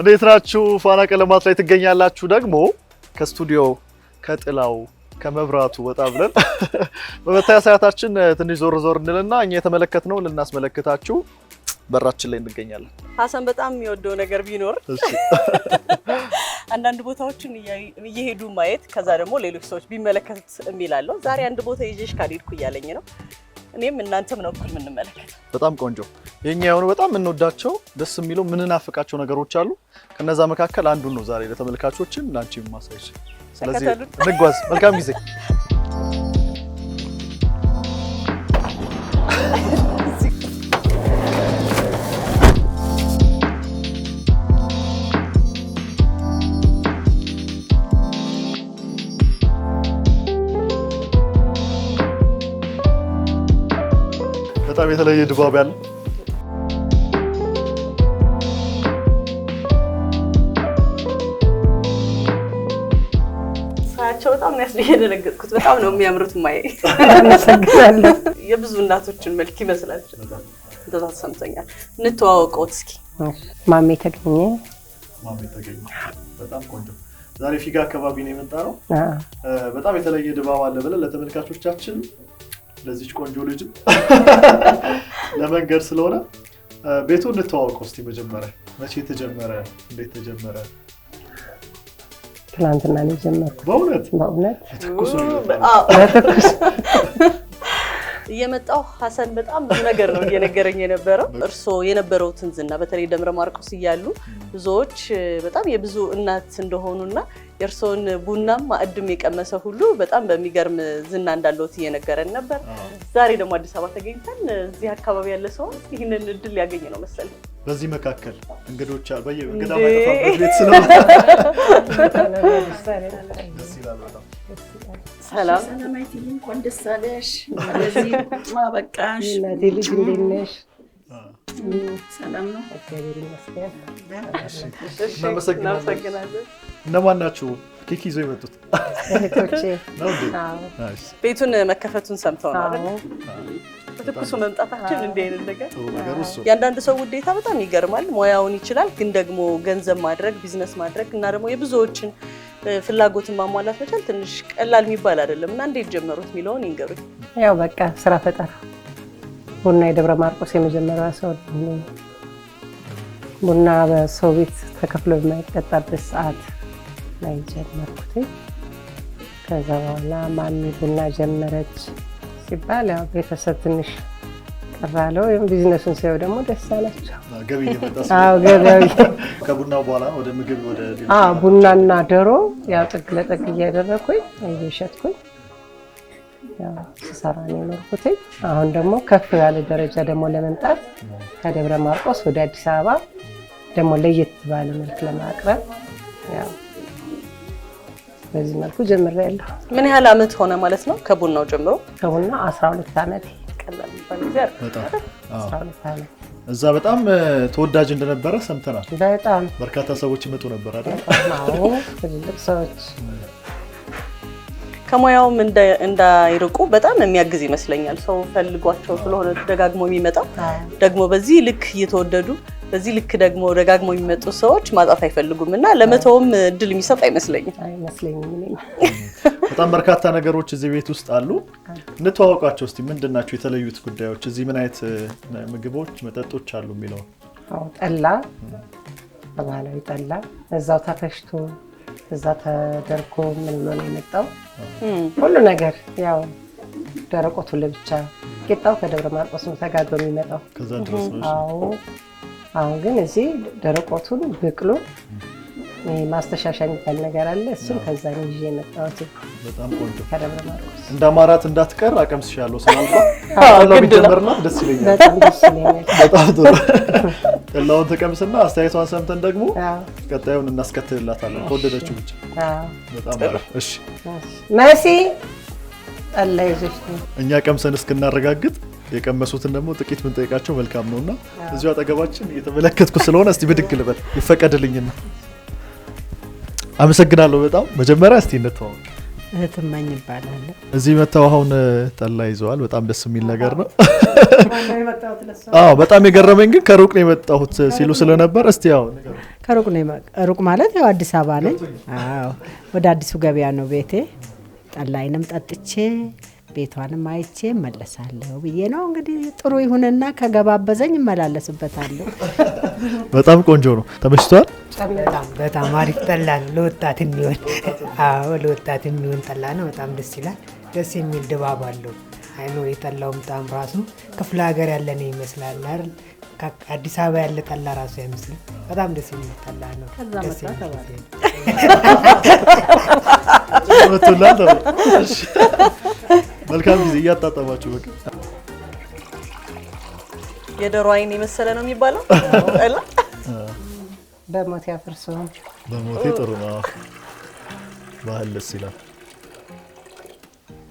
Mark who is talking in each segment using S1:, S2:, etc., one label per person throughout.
S1: እንዴት ናችሁ? ፋና ቀለማት ላይ ትገኛላችሁ። ደግሞ ከስቱዲዮ ከጥላው ከመብራቱ ወጣ ብለን በመታያ ሰዓታችን ትንሽ ዞር ዞር እንልና እኛ የተመለከትነው ልናስመለክታችሁ በራችን ላይ እንገኛለን።
S2: ሀሰን በጣም የሚወደው ነገር ቢኖር አንዳንድ ቦታዎችን እየሄዱ ማየት፣ ከዛ ደግሞ ሌሎች ሰዎች ቢመለከቱት የሚላለው ዛሬ አንድ ቦታ ይዤሽ ካልሄድኩ እያለኝ ነው እኔም እናንተም ነው እኩል የምንመለከተው።
S1: በጣም ቆንጆ የኛ የሆኑ በጣም የምንወዳቸው ደስ የሚለው ምንናፍቃቸው ነገሮች አሉ። ከነዛ መካከል አንዱን ነው ዛሬ ለተመልካቾችን ናንቺ ማሳይሽ። ስለዚህ እንጓዝ። መልካም ጊዜ በጣም የተለየ ድባብ ያለ
S2: ሳያቸው በጣም ነው ያስደ የደነገጥኩት። በጣም ነው የሚያምሩት። ማየ አመሰግናለሁ። የብዙ እናቶችን መልክ ይመስላቸው እንደዛ
S1: ተሰምቶኛል። እንተዋወቀውት እስኪ።
S3: ማሜ ተገኘ
S1: ማሜ ተገኘ በጣም ቆንጆ ዛሬ ፊጋ አካባቢ ነው የመጣ ነው። በጣም የተለየ ድባብ አለ ብለን ለተመልካቾቻችን ለዚች ቆንጆ ልጅ ለመንገድ ስለሆነ ቤቱ እንተዋወቀው እስኪ። መጀመሪያ መቼ ተጀመረ? እንዴት ተጀመረ?
S3: ትናንትና ነው የጀመርኩት። በእውነት በእውነት
S2: እየመጣው ሀሰን በጣም ብዙ ነገር ነው እየነገረኝ የነበረው። እርስዎ የነበረውትን ዝና በተለይ ደብረ ማርቆስ እያሉ ብዙዎች በጣም የብዙ እናት እንደሆኑና የእርስዎን ቡናም ማዕድም የቀመሰ ሁሉ በጣም በሚገርም ዝና እንዳለዎት እየነገረን ነበር። ዛሬ ደግሞ አዲስ አበባ ተገኝተን እዚህ አካባቢ ያለ ሰውን ይህንን እድል ያገኝ ነው መሰል
S1: በዚህ መካከል እንግዶች አልባ እንግዳ ማይጠፋበት ቤት
S2: ስለሆነ ሰላም ሰላማዊት፣
S3: እንኳን ደስ አለሽ። ማበቃሽ። እናቴ ልጅ እንዴት ነሽ? ሰላም ነው፣ እግዚአብሔር ይመስገን። እናመሰግናለን።
S1: እነማን ናችሁ ኬክ ይዘው የመጡት?
S2: ቤቱን መከፈቱን ሰምተው ነው ትኩሱ መምጣታችን እንዲህ አይነት ነገር የአንዳንድ ሰው ውዴታ በጣም ይገርማል። ሙያውን ይችላል፣ ግን ደግሞ ገንዘብ ማድረግ ቢዝነስ ማድረግ እና ደግሞ የብዙዎችን ፍላጎትን ማሟላት መቻል ትንሽ ቀላል የሚባል አይደለም እና እንዴት ጀመሩት የሚለውን ይንገሩኝ።
S3: ያው በቃ ስራ ፈጠራ ቡና የደብረ ማርቆስ የመጀመሪያ ሰው ቡና በሰው ቤት ተከፍሎ በማይጠጣበት ሰዓት ላይ ጀመርኩት። ከዛ በኋላ ማሚ ቡና ጀመረች ሲባል ያው ቤተሰብ ትንሽ ጠራ አለው። ወይም ቢዝነሱን ሲያዩ ደግሞ ደስ አላቸው። ገቢ
S1: ከቡና በኋላ ወደ ምግብ ወደ
S3: ቡናና ዶሮ ያው ጥግ ለጥግ እያደረግኩኝ እየሸጥኩኝ ስሰራ ነው የኖርኩትኝ። አሁን ደግሞ ከፍ ያለ ደረጃ ደግሞ ለመምጣት ከደብረ ማርቆስ ወደ አዲስ አበባ ደግሞ ለየት ባለ መልክ ለማቅረብ በዚህ መልኩ ጀምሬያለሁ።
S2: ምን ያህል አመት ሆነ ማለት ነው? ከቡናው ጀምሮ
S3: ከቡና 12 ዓመት
S1: እዛ በጣም ተወዳጅ እንደነበረ ሰምተናል። በጣም በርካታ ሰዎች ይመጡ ነበር አይደል? ትልልቅ ሰዎች
S2: ከሙያውም እንዳይርቁ በጣም የሚያግዝ ይመስለኛል። ሰው ፈልጓቸው ስለሆነ ደጋግሞ የሚመጣው ደግሞ በዚህ ልክ እየተወደዱ በዚህ ልክ ደግሞ ደጋግሞ የሚመጡ ሰዎች ማጣት አይፈልጉም እና ለመተውም እድል የሚሰጥ አይመስለኛል። አይመስለኝም
S1: በጣም በርካታ ነገሮች እዚህ ቤት ውስጥ አሉ። እንተዋወቃቸው እስኪ ምንድን ናቸው የተለዩት ጉዳዮች? እዚህ ምን አይነት ምግቦች፣ መጠጦች አሉ የሚለውን
S3: ጠላ፣ በባህላዊ ጠላ እዛው ተፈሽቶ እዛ ተደርጎ ምን የመጣው ሁሉ ነገር ያው ደረቆቱ ለብቻ ቂጣው ከደብረ ማርቆስ ነው ተጋዶ የሚመጣው። አሁን ግን እዚህ ደረቆቱን ብቅሎ ማስተሻሻ የሚባል ነገር አለ። እሱም ከዛ ነው ይዤ የመጣሁት። በጣም ቆንጆ ከደብረ ማርቆስ
S1: እንደ አማራት እንዳትቀር አቀምስሻለሁ ስላልኳ አላው ቢጀምርና ደስ ይለኛል። በጣም ጥሩ ተቀምስና አስተያየቷን ሰምተን ደግሞ ቀጣዩን እናስከትልላታለን። ከወደደችው ብቻ በጣም እሺ መሲ ጠላ እኛ ቀምሰን እስክናረጋግጥ የቀመሱትን ደግሞ ጥቂት ምንጠይቃቸው መልካም ነውና እዚሁ አጠገባችን እየተመለከትኩ ስለሆነ እስቲ ብድግ ልበል ይፈቀድልኝና አመሰግናለሁ በጣም መጀመሪያ እስቲ እንተዋወቅ። እህትመኝ ይባላል። እዚህ መተው አሁን ጠላ ይዘዋል። በጣም ደስ የሚል ነገር ነው። በጣም የገረመኝ ግን ከሩቅ ነው የመጣሁት ሲሉ ስለነበር እስቲ ያው
S3: ከሩቅ ነው ሩቅ ማለት ያው አዲስ አበባ ነኝ። ወደ አዲሱ ገበያ ነው ቤቴ። ጠላይንም ጠጥቼ ቤቷንም አይቼ እመለሳለሁ ብዬ ነው እንግዲህ። ጥሩ ይሁንና ከገባበዘኝ እመላለስበታለሁ።
S1: በጣም ቆንጆ ነው። ተመችቷል?
S3: በጣም አሪፍ ጠላ ነው። ለወጣት የሚሆን አዎ፣ ለወጣት የሚሆን ጠላ ነው። በጣም ደስ ይላል። ደስ የሚል ድባብ አለው። አይኖ የጠላውም ጣም ራሱ ክፍለ ሀገር ያለ ነው ይመስላል አዲስ አበባ ያለ ጠላ ራሱ አይመስልም። በጣም ደስ የሚል ጠላ ነው።
S1: መልካም ጊዜ እያጣጠማችሁ በቃ
S2: የዶሮ አይን የመሰለ ነው የሚባለው
S3: በሞት ያፍርሱ። በሞቴ ጥሩ
S1: ነው። ባህል ደስ ይላል።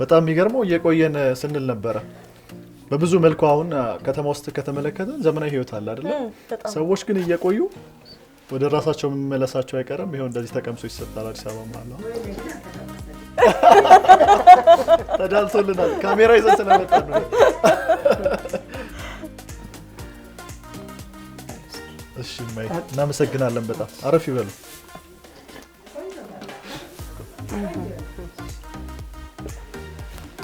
S1: በጣም የሚገርመው እየቆየን ስንል ነበረ በብዙ መልኩ አሁን ከተማ ውስጥ ከተመለከተን ዘመናዊ ህይወት አለ አይደለ? ሰዎች ግን እየቆዩ ወደ ራሳቸው መመለሳቸው አይቀርም። ይሄው እንደዚህ ተቀምሶ ይሰጣል። አዲስ አበባ ማለ ተዳልሶልናል። ካሜራ ይዘን ስለመጣ ነው እሺ ማይ እናመሰግናለን። በጣም አረፍ ይበሉ።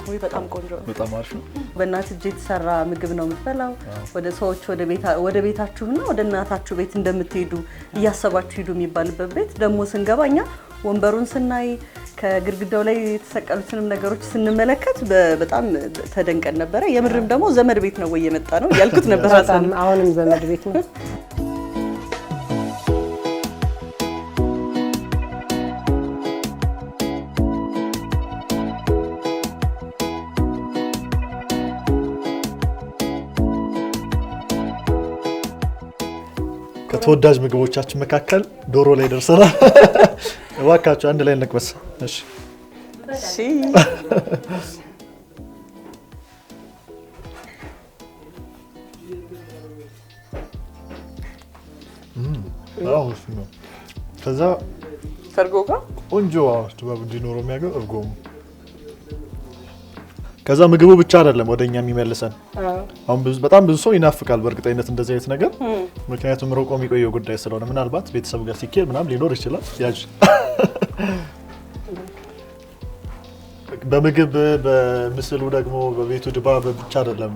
S1: ወይ በጣም ቆንጆ ነው። በጣም አሪፍ ነው።
S2: በእናት እጅ የተሰራ ምግብ ነው የምትበላው። ወደ ሰዎች ወደ ቤታ ወደ ቤታችሁና ወደ እናታችሁ ቤት እንደምትሄዱ እያሰባችሁ ሂዱ የሚባልበት ቤት ደግሞ ስንገባ እኛ ወንበሩን ስናይ ከግድግዳው ላይ የተሰቀሉትንም ነገሮች ስንመለከት በጣም ተደንቀን ነበረ። የምርም ደግሞ ዘመድ ቤት ነው ወይ የመጣ ነው ያልኩት ነበር።
S3: አሁንም ዘመድ ቤት ነው።
S1: ተወዳጅ ምግቦቻችን መካከል ዶሮ ላይ ደርሰናል። እባካችሁ አንድ ላይ እንቅመስ። ከዛ ከእርጎ ጋር ቆንጆ ድባብ እንዲኖረው የሚያገው እርጎ። ከዛ ምግቡ ብቻ አይደለም ወደ እኛ የሚመልሰን። አሁን በጣም ብዙ ሰው ይናፍቃል በእርግጠኝነት እንደዚህ አይነት ነገር ምክንያቱም ሮቆ የሚቆየው ጉዳይ ስለሆነ ምናልባት ቤተሰብ ጋር ሲኬድ ምናም ሊኖር ይችላል። ያጅ በምግብ በምስሉ ደግሞ በቤቱ ድባብ ብቻ አይደለም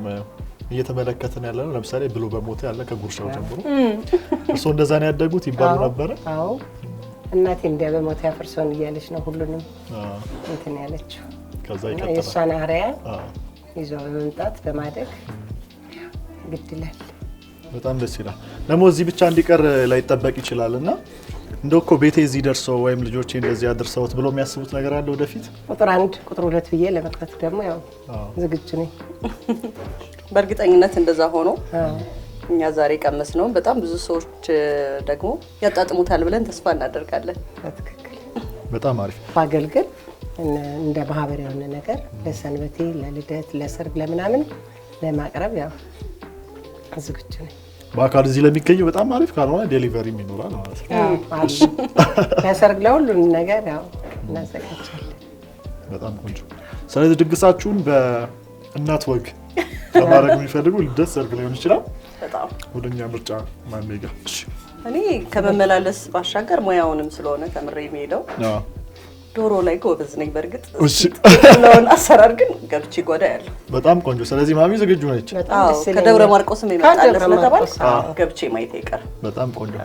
S1: እየተመለከትን ያለ ነው። ለምሳሌ ብሎ በሞተ ያለ ከጉርሻው ጀምሮ እርስዎ እንደዛ ነው ያደጉት ይባሉ ነበረ? አዎ
S3: እናቴ እንዲያ በሞት ያፈርሰውን እያለች ነው ሁሉንም እንትን ያለችው።
S1: ከዛ ይቀጥላል የእሷን
S3: አርያ ይዞ በመምጣት በማደግ ግድላል።
S1: በጣም ደስ ይላል። ደግሞ እዚህ ብቻ እንዲቀር ላይጠበቅ ይችላል እና እንደው እኮ ቤቴ እዚህ ደርሶ ወይም ልጆቼ እንደዚህ አድርሰውት ብሎ የሚያስቡት ነገር አለ ወደፊት።
S3: ቁጥር አንድ ቁጥር ሁለት ብዬ ለመቅረት ደግሞ ያው ዝግጅ ነኝ።
S2: በእርግጠኝነት እንደዛ ሆኖ እኛ ዛሬ ቀመስ ነው፣ በጣም ብዙ ሰዎች ደግሞ ያጣጥሙታል ብለን ተስፋ እናደርጋለን።
S3: በትክክል በጣም አሪፍ በአገልግል እንደ ማህበር የሆነ ነገር ለሰንበቴ፣ ለልደት፣ ለሰርግ፣ ለምናምን ለማቅረብ ያው ዝግጁ ነኝ።
S1: በአካል እዚህ ለሚገኙ በጣም አሪፍ ካልሆነ ዴሊቨሪም ይኖራል ማለት
S3: ነው። ለሰርግ ለሁሉም ነገር ያው እናዘጋጃለን።
S1: በጣም ቆንጆ። ስለዚህ ድግሳችሁን በእናት ወግ ለማድረግ የሚፈልጉ ልደት፣ ሰርግ ሊሆን ይችላል። ወደ እኛ ምርጫ ማሜጋ
S2: እኔ ከመመላለስ ባሻገር ሙያውንም ስለሆነ ተምሬ የሚሄደው ዶሮ ላይ ጎበዝ ነኝ። በእርግጥ ያለውን አሰራር ግን ገብቼ ጓዳ ያለ
S1: በጣም ቆንጆ። ስለዚህ ማሚ ዝግጁ ነች። ከደብረ ማርቆስም ይመጣል ስለተባል ገብቼ ማየት አይቀርም። በጣም ቆንጆ።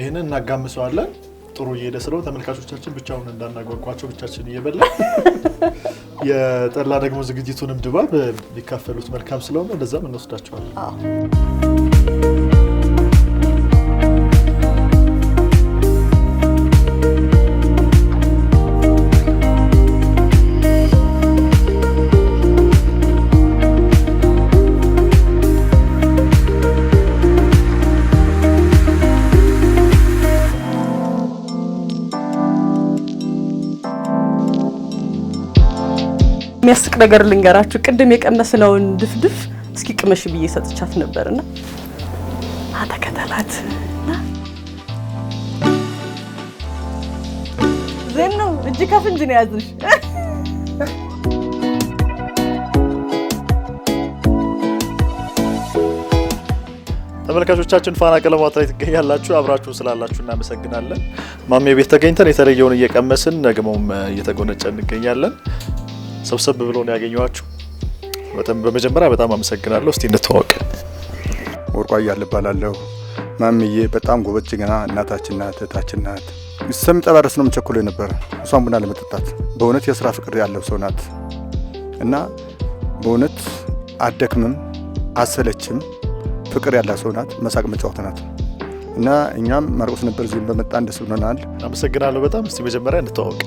S1: ይህንን እናጋምሰዋለን። ጥሩ እየሄደ ስለው ተመልካቾቻችን ብቻውን እንዳናጓጓቸው ብቻችን እየበላ የጠላ ደግሞ ዝግጅቱንም ድባብ የሚካፈሉት መልካም ስለሆነ እንደዛም እንወስዳቸዋለን።
S2: የሚያስቅ ነገር ልንገራችሁ። ቅድም የቀመስለውን ድፍድፍ እስኪ ቅመሽ ብዬ ሰጥቻት ነበርና አተከተላት ዜን ነው እጅ ከፍንጅ ነው ያዝሽ።
S1: ተመልካቾቻችን ፋና ቀለማት ላይ ትገኛላችሁ። አብራችሁ ስላላችሁ እናመሰግናለን። ማሜ ቤት ተገኝተን የተለየውን እየቀመስን ደግሞም እየተጎነጨ እንገኛለን። ሰብሰብ ብሎ ነው ያገኘኋችሁ። በመጀመሪያ በጣም አመሰግናለሁ። እስቲ እንተዋወቅ። ወርቋ እያለ እባላለሁ። ማምዬ በጣም ጎበዝ ጀግና እናታችን ናት፣ እህታችን ናት። እስከምጠባረስ ነው የምቸኩሎ የነበረ እሷን ቡና ለመጠጣት በእውነት የስራ ፍቅር ያለው ሰው ናት እና በእውነት አደክምም አሰለችም ፍቅር ያላት ሰው ናት። መሳቅ መጫወት ናት እና እኛም ማርቆስ ነበር እዚህም በመጣ እንደስ ብሎናል። አመሰግናለሁ በጣም እስቲ መጀመሪያ እንተዋወቅ።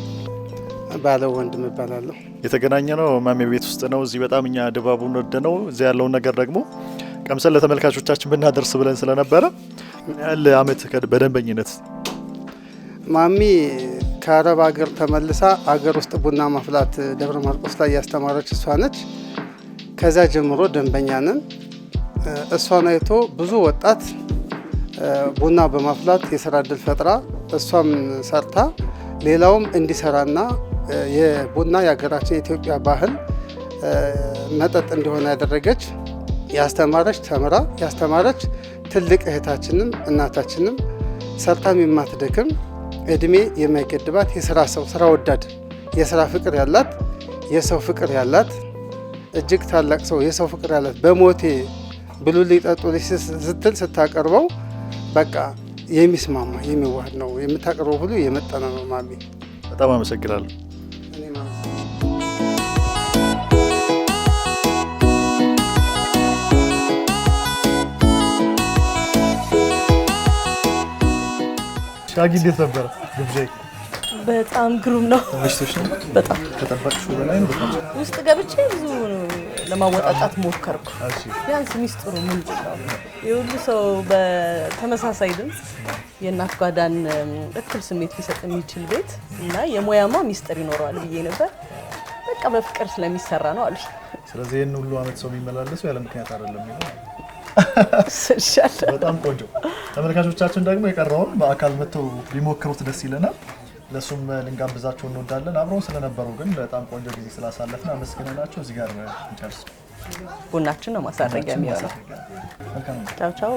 S3: ባለው ወንድም እባላለሁ።
S1: የተገናኘ ነው ማሜ ቤት ውስጥ ነው። እዚህ በጣም እኛ ድባቡን ወደ ነው እዚያ ያለውን ነገር ደግሞ ቀምሰን ለተመልካቾቻችን ብናደርስ ብለን ስለነበረ ያለ አመት በደንበኝነት ማሚ
S3: ከአረብ ሀገር ተመልሳ አገር ውስጥ ቡና ማፍላት ደብረ ማርቆስ ላይ ያስተማረች እሷ ነች። ከዚያ ጀምሮ ደንበኛ ነን። እሷን አይቶ ብዙ ወጣት ቡና በማፍላት የስራ እድል ፈጥራ እሷም ሰርታ ሌላውም እንዲሰራና የቡና የሀገራችን የኢትዮጵያ ባህል መጠጥ እንደሆነ ያደረገች ያስተማረች ተምራ ያስተማረች ትልቅ እህታችንም እናታችንም ሰርታም የማትደክም እድሜ የማይገድባት የስራ ሰው ስራ ወዳድ የስራ ፍቅር ያላት የሰው ፍቅር ያላት እጅግ ታላቅ ሰው የሰው ፍቅር ያላት በሞቴ ብሉ ሊጠጡ ስትል ስታቀርበው በቃ የሚስማማ የሚዋህድ ነው። የምታቀርበው ሁሉ የመጠነ ነው። ማሚ
S1: በጣም አመሰግናለሁ። ሻጊ እንዴት ነበረ ግብዣዬ?
S2: በጣም ግሩም ነው።
S1: ተመችቶሽ ነው? በጣም ከጠበቅሽው በላይ ነው።
S2: ውስጥ ገብቼ ብዙ ለማወጣጣት ሞከርኩ። ቢያንስ ሚስጥሩ ምንድን ነው? የሁሉ ሰው በተመሳሳይ ድምፅ የእናት ጓዳን እኩል ስሜት ሊሰጥ የሚችል ቤት እና የሙያማ ሚስጥር ይኖረዋል ብዬ ነበር። በቃ በፍቅር ስለሚሰራ ነው አሉ።
S1: ስለዚህ ይህን ሁሉ አመት ሰው የሚመላለሱ ያለ ምክንያት አይደለም። በጣም ቆንጆ። ተመልካቾቻችን ደግሞ የቀረውን በአካል መጥተው ቢሞክሩት ደስ ይለናል። ለሱም ልንጋብዛቸው እንወዳለን። አብረውን ስለነበሩ ግን በጣም ቆንጆ ጊዜ ስላሳለፍን አመስግነናቸው እዚህ ጋር እንጨርስ። ቡናችን ነው ማሳረጊያ የሚሆነው።
S2: ቻው ቻው።